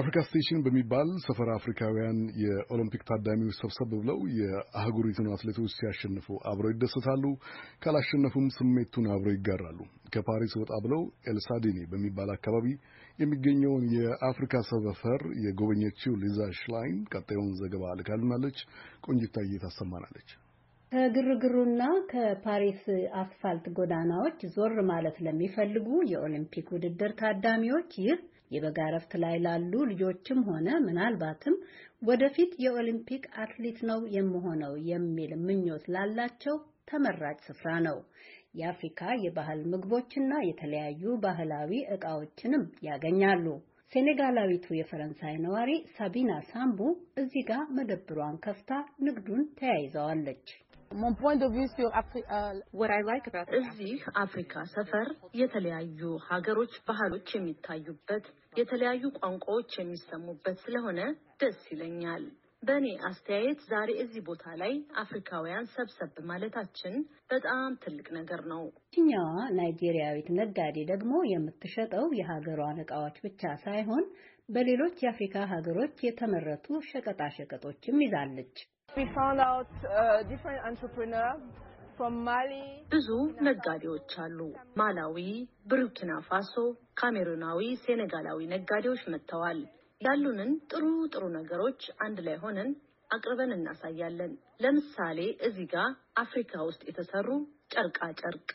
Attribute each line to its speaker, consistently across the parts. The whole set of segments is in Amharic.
Speaker 1: አፍሪካ ስቴሽን በሚባል ሰፈር አፍሪካውያን የኦሎምፒክ ታዳሚዎች ሰብሰብ ብለው የአህጉሪቱን አትሌቶች ሲያሸንፉ አብረው ይደሰታሉ፣ ካላሸነፉም ስሜቱን አብረው ይጋራሉ። ከፓሪስ ወጣ ብለው ኤልሳዲኒ በሚባል አካባቢ የሚገኘውን የአፍሪካ ሰፈር የጎበኘችው ሊዛ ሽላይን ቀጣዩን ዘገባ ልካልናለች። ቆንጅታዬ ታሰማናለች።
Speaker 2: ከግርግሩና ከፓሪስ አስፋልት ጎዳናዎች ዞር ማለት ለሚፈልጉ የኦሊምፒክ ውድድር ታዳሚዎች ይህ የበጋ እረፍት ላይ ላሉ ልጆችም ሆነ ምናልባትም ወደፊት የኦሊምፒክ አትሌት ነው የምሆነው የሚል ምኞት ላላቸው ተመራጭ ስፍራ ነው። የአፍሪካ የባህል ምግቦችና የተለያዩ ባህላዊ ዕቃዎችንም ያገኛሉ። ሴኔጋላዊቱ የፈረንሳይ ነዋሪ ሳቢና ሳምቡ እዚህ ጋር መደብሯን ከፍታ ንግዱን
Speaker 3: ተያይዘዋለች። Euh, እዚህ አፍሪካ ሰፈር የተለያዩ ሀገሮች ባህሎች የሚታዩበት የተለያዩ ቋንቋዎች የሚሰሙበት ስለሆነ ደስ ይለኛል። በእኔ አስተያየት ዛሬ እዚህ ቦታ ላይ አፍሪካውያን ሰብሰብ ማለታችን በጣም ትልቅ ነገር ነው።
Speaker 2: እኛዋ ናይጄሪያዊት ነጋዴ ደግሞ የምትሸጠው የሀገሯን እቃዎች ብቻ ሳይሆን በሌሎች የአፍሪካ ሀገሮች የተመረቱ ሸቀጣሸቀጦችም ይዛለች።
Speaker 3: Uh, ብዙ ነጋዴዎች አሉ። ማላዊ፣ ቡርኪና ፋሶ፣ ካሜሩናዊ፣ ሴኔጋላዊ ነጋዴዎች መጥተዋል። ያሉንን ጥሩ ጥሩ ነገሮች አንድ ላይ ሆነን አቅርበን እናሳያለን። ለምሳሌ እዚህ ጋር አፍሪካ ውስጥ የተሰሩ ጨርቃ ጨርቅ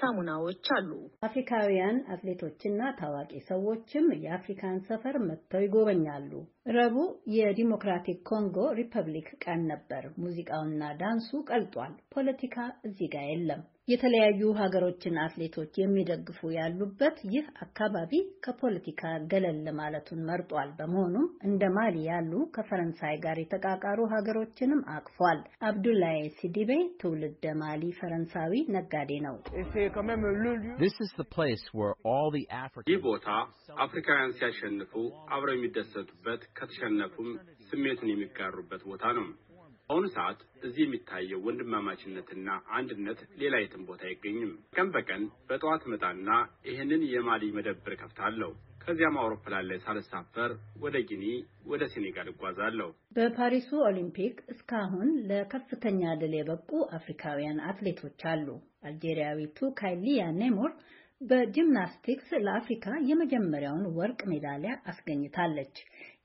Speaker 3: ሳሙናዎች
Speaker 2: አሉ። አፍሪካውያን አትሌቶችና ታዋቂ ሰዎችም የአፍሪካን ሰፈር መጥተው ይጎበኛሉ። ረቡዕ የዲሞክራቲክ ኮንጎ ሪፐብሊክ ቀን ነበር። ሙዚቃውና ዳንሱ ቀልጧል። ፖለቲካ እዚህ ጋር የለም። የተለያዩ ሀገሮችን አትሌቶች የሚደግፉ ያሉበት ይህ አካባቢ ከፖለቲካ ገለል ማለቱን መርጧል። በመሆኑም እንደ ማሊ ያሉ ከፈረንሳይ ጋር የተቃቃሩ ሀገሮችንም አቅፏል። አብዱላይ ሲዲቤ ትውልደ ማሊ ፈረንሳዊ ነጋዴ ነው።
Speaker 1: ይህ ቦታ አፍሪካውያን ሲያሸንፉ አብረው የሚደሰቱበት፣ ከተሸነፉም ስሜቱን የሚጋሩበት ቦታ ነው። በአሁኑ ሰዓት እዚህ የሚታየው ወንድማማችነትና አንድነት ሌላ የትም ቦታ አይገኝም። ቀን በቀን በጠዋት መጣና ይህንን የማሊ መደብር ከፍታለሁ። ከዚያም አውሮፕላን ላይ ሳልሳፈር ወደ ጊኒ፣ ወደ ሴኔጋል እጓዛለሁ።
Speaker 2: በፓሪሱ ኦሊምፒክ እስካሁን ለከፍተኛ ድል የበቁ አፍሪካውያን አትሌቶች አሉ። አልጄሪያዊቱ ካይሊያ ኔሞር በጂምናስቲክስ ለአፍሪካ የመጀመሪያውን ወርቅ ሜዳሊያ አስገኝታለች።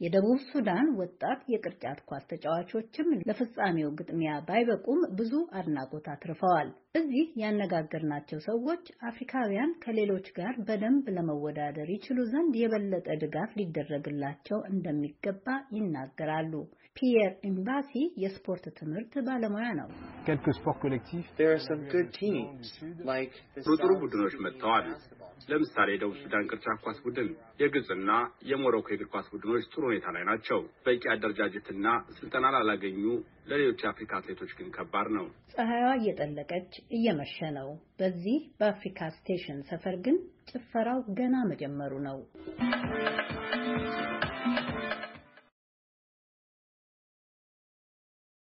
Speaker 2: የደቡብ ሱዳን ወጣት የቅርጫት ኳስ ተጫዋቾችም ለፍጻሜው ግጥሚያ ባይበቁም ብዙ አድናቆት አትርፈዋል። እዚህ ያነጋገርናቸው ሰዎች አፍሪካውያን ከሌሎች ጋር በደንብ ለመወዳደር ይችሉ ዘንድ የበለጠ ድጋፍ ሊደረግላቸው እንደሚገባ ይናገራሉ። ፒየር ኤምባሲ የስፖርት ትምህርት ባለሙያ ነው። በጥሩ ቡድኖች
Speaker 1: መጥተዋል። ለምሳሌ የደቡብ ሱዳን ቅርጫት ኳስ ቡድን፣ የግብፅና የሞሮኮ የእግር ኳስ ቡድኖች ጥሩ ሁኔታ ላይ ናቸው። በቂ አደረጃጀትና ስልጠና ላላገኙ ለሌሎች የአፍሪካ አትሌቶች ግን ከባድ ነው።
Speaker 2: ፀሐይዋ እየጠለቀች እየመሸ ነው። በዚህ በአፍሪካ ስቴሽን ሰፈር ግን ጭፈራው ገና መጀመሩ ነው።